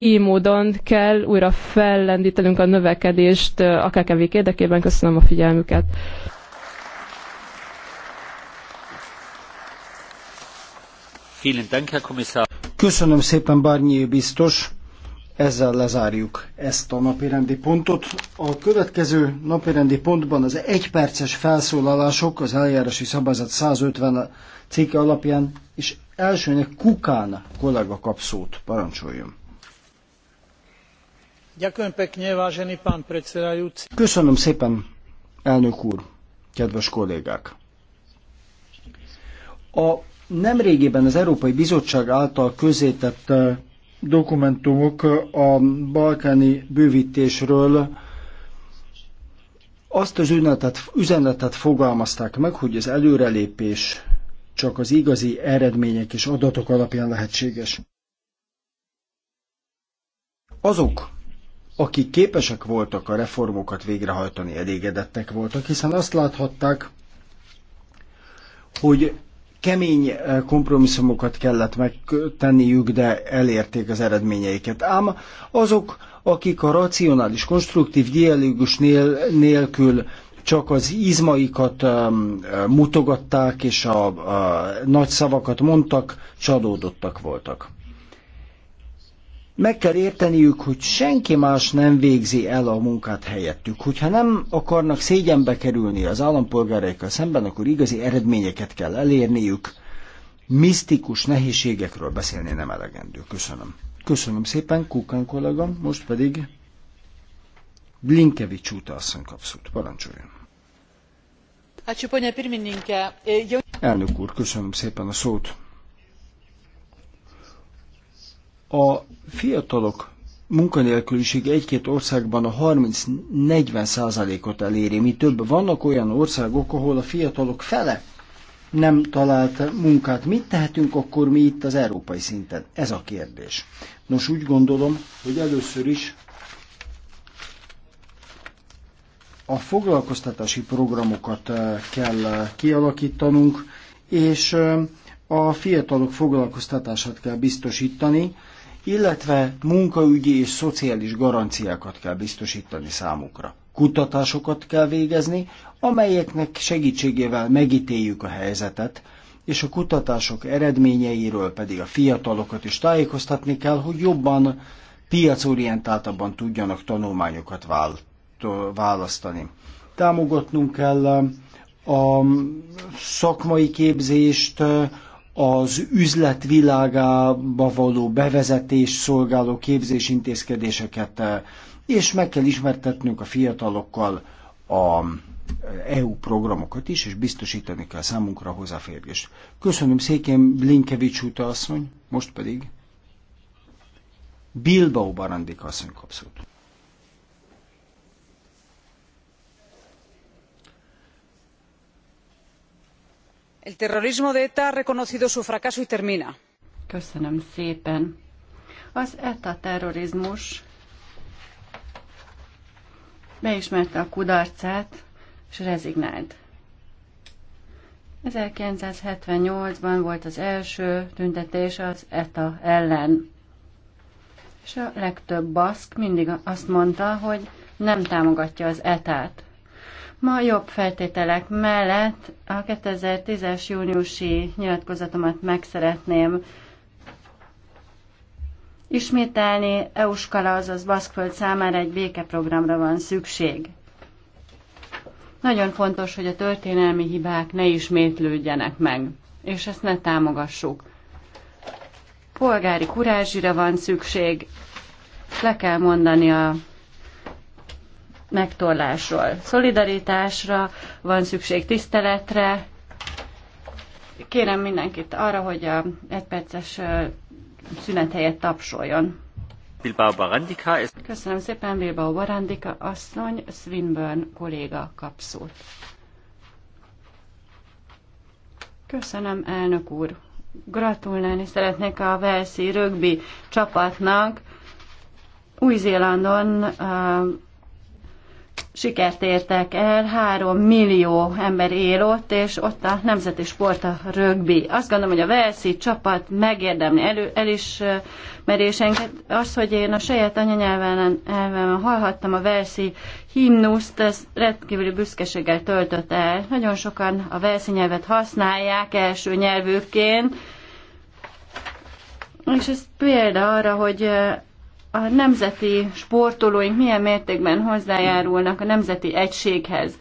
így módon kell újra fellendítenünk a növekedést a kkv érdekében. Köszönöm a figyelmüket. Köszönöm szépen, Barnyé biztos. Ezzel lezárjuk ezt a napirendi pontot. A következő napirendi pontban az egyperces felszólalások az eljárási szabályzat 150 cikke alapján, és elsőnek Kukán kollega kap szót. Parancsoljon! Köszönöm szépen, elnök úr, kedves kollégák! A nemrégiben az Európai Bizottság által közzétett eh, dokumentumok a balkáni bővítésről azt az üzenetet, üzenetet fogalmazták meg, hogy az előrelépés csak az igazi eredmények és adatok alapján lehetséges. Azok, akik képesek voltak a reformokat végrehajtani, elégedettek voltak, hiszen azt láthatták, hogy kemény eh, kompromisszumokat kellett megtenniük, de elérték az eredményeiket. Ám azok, akik a racionális, konstruktív dialógus nél, nélkül csak az izmaikat um, mutogatták és a, a nagy szavakat mondtak, csalódottak voltak meg kell érteniük, hogy senki más nem végzi el a munkát helyettük. Hogyha nem akarnak szégyenbe kerülni az állampolgáraikkal szemben, akkor igazi eredményeket kell elérniük. Misztikus nehézségekről beszélni nem elegendő. Köszönöm. Köszönöm szépen, Kukán kollega, most pedig Blinkevics úta asszony kapszót. Parancsoljon. Elnök úr, köszönöm szépen a szót. A fiatalok munkanélküliség egy-két országban a 30-40 százalékot eléri, mi több. Vannak olyan országok, ahol a fiatalok fele nem talált munkát. Mit tehetünk akkor mi itt az európai szinten? Ez a kérdés. Nos, úgy gondolom, hogy először is a foglalkoztatási programokat eh, kell eh, kialakítanunk, és eh, a fiatalok foglalkoztatását kell biztosítani, illetve munkaügyi és szociális garanciákat kell biztosítani számukra. Kutatásokat kell végezni, amelyeknek segítségével megítéljük a helyzetet, és a kutatások eredményeiről pedig a fiatalokat is tájékoztatni kell, hogy jobban piacorientáltabban tudjanak tanulmányokat választani. Támogatnunk kell um, a szakmai képzést, az üzletvilágába való bevezetés szolgáló képzés intézkedéseket, eh, és meg kell ismertetnünk a fiatalokkal a EU eh, e programokat is, és biztosítani kell számunkra a hozzáférést. Köszönöm szépen Blinkevics úta asszony, most pedig Bilbao Barandik asszony kapszott. el terrorismo de eta ha reconocido su fracaso y termina. Köszönöm szépen. Az ETA terrorizmus beismerte a kudarcát, és rezignált. 1978-ban volt az első tüntetés az ETA ellen. És a legtöbb baszk mindig azt mondta, hogy nem támogatja az ETA-t. Ma jobb feltételek mellett a 2010-es júniusi nyilatkozatomat meg szeretném ismételni. Euskala, azaz Baszkföld számára egy békeprogramra van szükség. Nagyon fontos, hogy a történelmi hibák ne ismétlődjenek meg, és ezt ne támogassuk. Polgári kurázsira van szükség, le kell mondani a megtorlásról. Szolidaritásra van szükség, tiszteletre. Kérem mindenkit arra, hogy a egy perces szünet helyett tapsoljon. Bilbao Barandika. Köszönöm szépen, Bilbao Barandika asszony, Swinburne kolléga kapszót. Köszönöm, elnök úr. Gratulálni szeretnék a Velszi rögbi csapatnak. Új-Zélandon sikert értek el, három millió ember él ott, és ott a nemzeti sport a rögbi. Azt gondolom, hogy a Velszi csapat megérdemli elő, elismerésenket. Az, hogy én a saját anyanyelven elven hallhattam a Velszi himnuszt, ez rendkívüli büszkeséggel töltött el. Nagyon sokan a Velszi nyelvet használják első nyelvükként, és ez példa arra, hogy a nemzeti sportolóink milyen mértékben hozzájárulnak a nemzeti egységhez.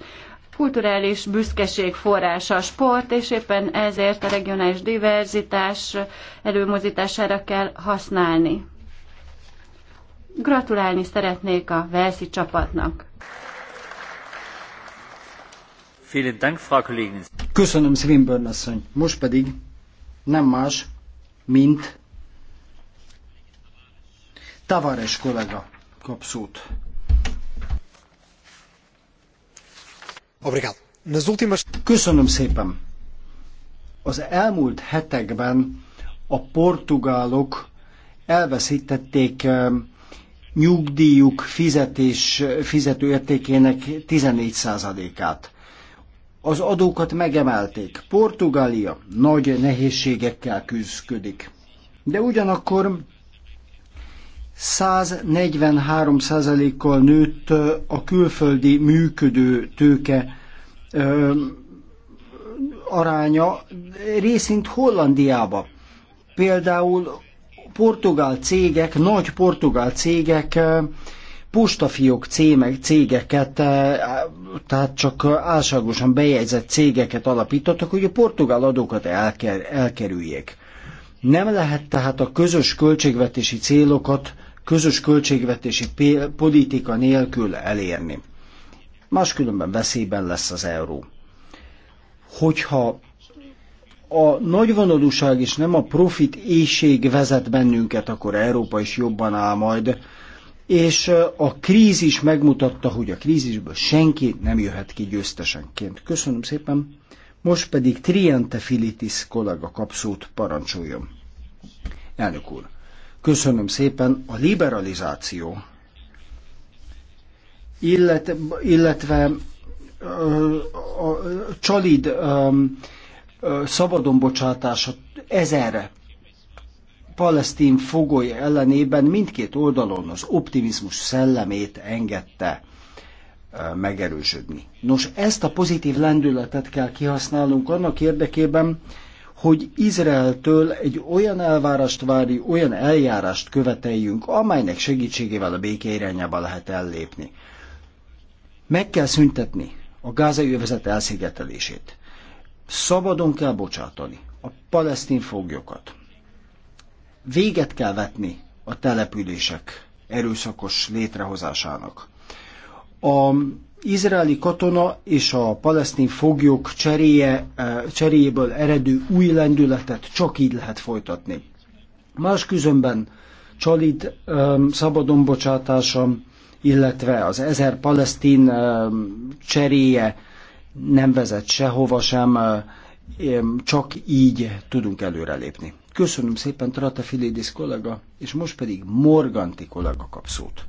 Kulturális büszkeség forrása a sport, és éppen ezért a regionális diverzitás előmozítására kell használni. Gratulálni szeretnék a Velszi csapatnak. Köszönöm, Swinburne asszony. Most pedig nem más, mint Tavares kollega kap szót. Köszönöm szépen. Az elmúlt hetekben a portugálok elveszítették eh, nyugdíjuk fizetés fizetőértékének 14%-át. Az adókat megemelték. Portugália nagy nehézségekkel küzdik. De ugyanakkor 143%-kal nőtt a külföldi működő tőke ö, aránya részint Hollandiába. Például portugál cégek, nagy portugál cégek postafiók cémek, cégeket, tehát csak álságosan bejegyzett cégeket alapítottak, hogy a portugál adókat elker, elkerüljék. Nem lehet tehát a közös költségvetési célokat közös költségvetési politika nélkül elérni. Máskülönben veszélyben lesz az euró. Hogyha a nagyvonalúság és nem a profit éjség vezet bennünket, akkor Európa is jobban áll majd. És a krízis megmutatta, hogy a krízisből senki nem jöhet ki győztesenként. Köszönöm szépen. Most pedig Triente Filitis kollega kapszót parancsoljon. Elnök úr, Köszönöm szépen. A liberalizáció, illet, illetve a csalid szabadonbocsátása ezerre palesztin fogoly ellenében mindkét oldalon az optimizmus szellemét engedte megerősödni. Nos, ezt a pozitív lendületet kell kihasználnunk annak érdekében, hogy Izraeltől egy olyan elvárást várj, olyan eljárást követeljünk, amelynek segítségével a béke irányába lehet ellépni. Meg kell szüntetni a gázai övezet elszigetelését. Szabadon kell bocsátani a palesztin foglyokat. Véget kell vetni a települések erőszakos létrehozásának. A izraeli katona és a palesztin foglyok cseréje, e, cseréjéből eredő új lendületet csak így lehet folytatni. Más küzönben Csalid e, szabadon bocsátása, illetve az ezer palesztin e, cseréje nem vezet sehova sem, csak így tudunk előrelépni. Köszönöm szépen Trata Filidis kollega, és most pedig Morganti kollega kap szót.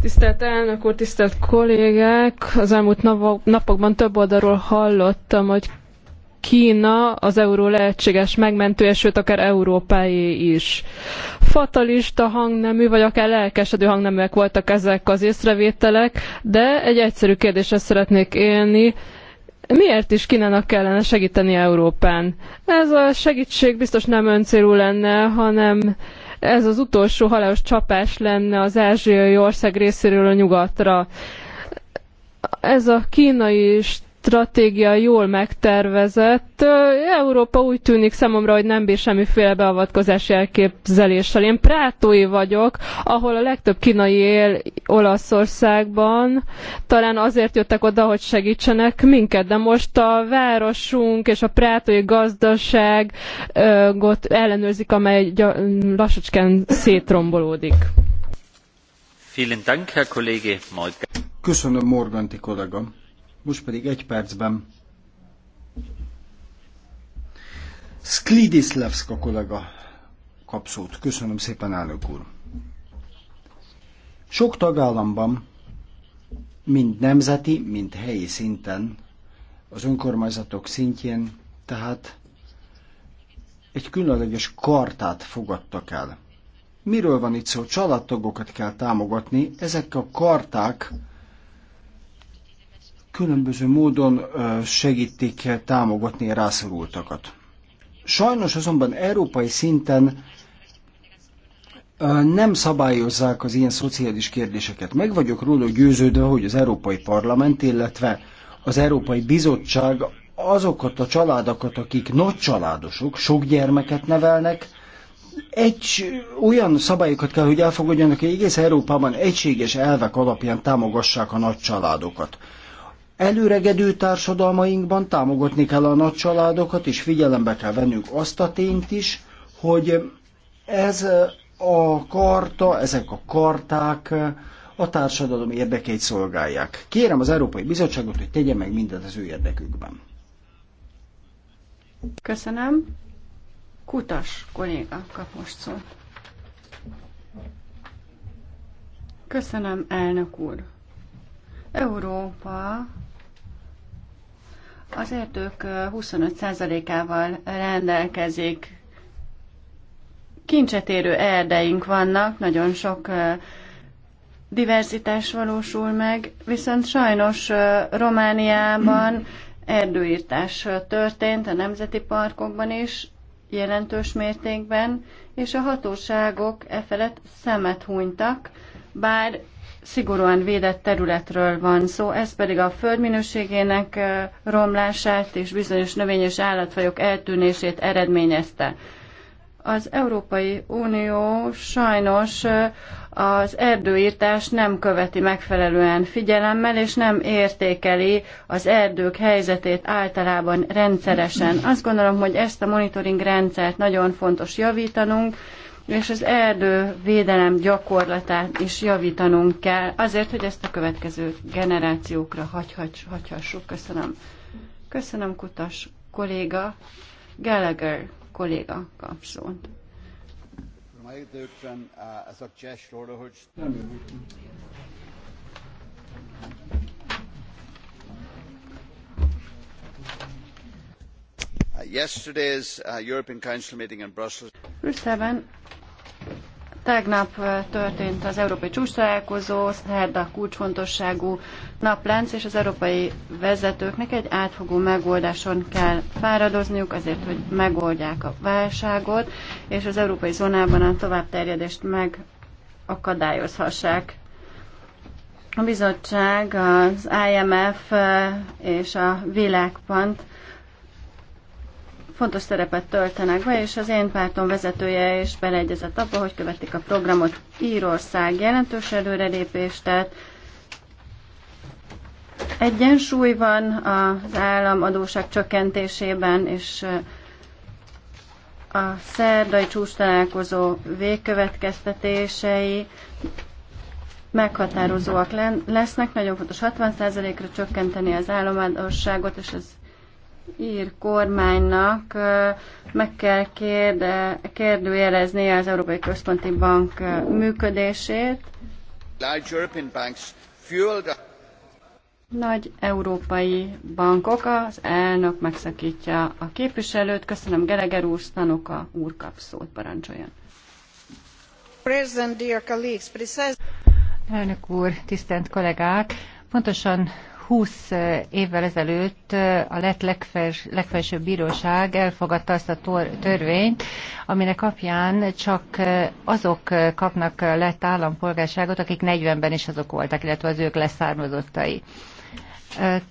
Tisztelt elnök úr, tisztelt kollégák! Az elmúlt napokban több oldalról hallottam, hogy Kína az euró lehetséges megmentője, sőt akár Európáé is. Fatalista hangnemű, vagy akár lelkesedő hangneműek voltak ezek az észrevételek, de egy egyszerű kérdésre szeretnék élni. Miért is Kínának kellene segíteni Európán? Ez a segítség biztos nem öncélú lenne, hanem ez az utolsó halálos csapás lenne az ázsiai ország részéről a nyugatra. Ez a kínai és stratégia jól megtervezett. Európa úgy tűnik számomra, hogy nem bír semmiféle beavatkozási elképzeléssel. Én prátói vagyok, ahol a legtöbb kínai él Olaszországban. Talán azért jöttek oda, hogy segítsenek minket, de most a városunk és a prátói gazdaságot ellenőrzik, amely lassacskán szétrombolódik. Morgan. Köszönöm, Morganti kollégám. Most pedig egy percben Sklidislevska kollega kap Köszönöm szépen, elnök úr. Sok tagállamban, mind nemzeti, mind helyi szinten, az önkormányzatok szintjén, tehát egy különleges kartát fogadtak el. Miről van itt szó? Családtagokat kell támogatni. Ezek a karták különböző módon segítik támogatni a rászorultakat. Sajnos azonban európai szinten nem szabályozzák az ilyen szociális kérdéseket. Meg vagyok róla győződve, hogy az Európai Parlament, illetve az Európai Bizottság azokat a családokat, akik nagy családosok, sok gyermeket nevelnek, egy olyan szabályokat kell, hogy elfogadjanak, hogy egész Európában egységes elvek alapján támogassák a nagy családokat előregedő társadalmainkban támogatni kell a nagycsaládokat, és figyelembe kell vennünk azt a tényt is, hogy ez a karta, ezek a karták a társadalom érdekeit szolgálják. Kérem az Európai Bizottságot, hogy tegye meg mindent az ő érdekükben. Köszönöm. Kutas kolléga kap most szót. Köszönöm, elnök úr. Európa azért ők 25%-ával rendelkezik. Kincset érő erdeink vannak, nagyon sok diverzitás valósul meg, viszont sajnos Romániában erdőírtás történt a nemzeti parkokban is, jelentős mértékben, és a hatóságok e felett szemet hunytak, bár szigorúan védett területről van szó, ez pedig a földminőségének romlását és bizonyos növényes állatfajok eltűnését eredményezte. Az Európai Unió sajnos az erdőírtás nem követi megfelelően figyelemmel, és nem értékeli az erdők helyzetét általában rendszeresen. Azt gondolom, hogy ezt a monitoring rendszert nagyon fontos javítanunk, és az erdő védelem gyakorlatát is javítanunk kell, azért, hogy ezt a következő generációkra hagyhassuk. Köszönöm. Köszönöm, Kutas kolléga. Gallagher kolléga kapszót. Yesterday's uh, European Council meeting in Brussels. Brüsszelben Tegnap történt az Európai Csúcs találkozó, szerda kulcsfontosságú naplánc, és az európai vezetőknek egy átfogó megoldáson kell fáradozniuk azért, hogy megoldják a válságot, és az európai zónában a továbbterjedést megakadályozhassák. A bizottság, az IMF és a Világpont fontos szerepet töltenek be, és az én pártom vezetője is beleegyezett abba, hogy követik a programot. Írország jelentős előrelépést tett, egyensúly van az állam adóság csökkentésében, és a szerdai csúcs találkozó végkövetkeztetései meghatározóak lesznek. Nagyon fontos 60%-ra csökkenteni az államadóságot, és ez ír kormánynak meg kell kérde, kérdőjelezni az Európai Központi Bank működését. Nagy európai bankok, az elnök megszakítja a képviselőt. Köszönöm, Geleger úr, Stanoka úr kap szót, parancsoljon. Elnök úr, tisztelt kollégák! Pontosan 20 eh, évvel ezelőtt eh, a lett legfels, legfelsőbb bíróság elfogadta azt a tor, törvényt, aminek apján csak eh, azok kapnak lett állampolgárságot, akik 40-ben is azok voltak, illetve az ők leszármazottai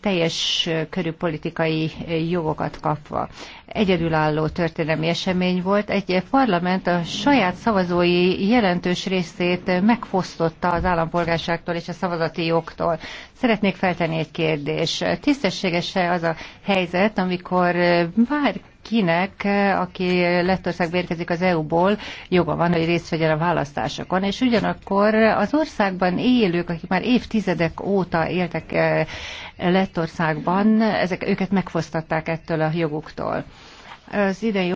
teljes körű politikai jogokat kapva. Egyedülálló történelmi esemény volt. Egy parlament a saját szavazói jelentős részét megfosztotta az állampolgárságtól és a szavazati jogtól. Szeretnék feltenni egy kérdést. Tisztességes-e az a helyzet, amikor bár kinek, aki Lettországba érkezik az EU-ból, joga van, hogy részt vegyen a választásokon, és ugyanakkor az országban élők, akik már évtizedek óta éltek eh, Lettországban, ezek, őket megfosztatták ettől a joguktól. Az idei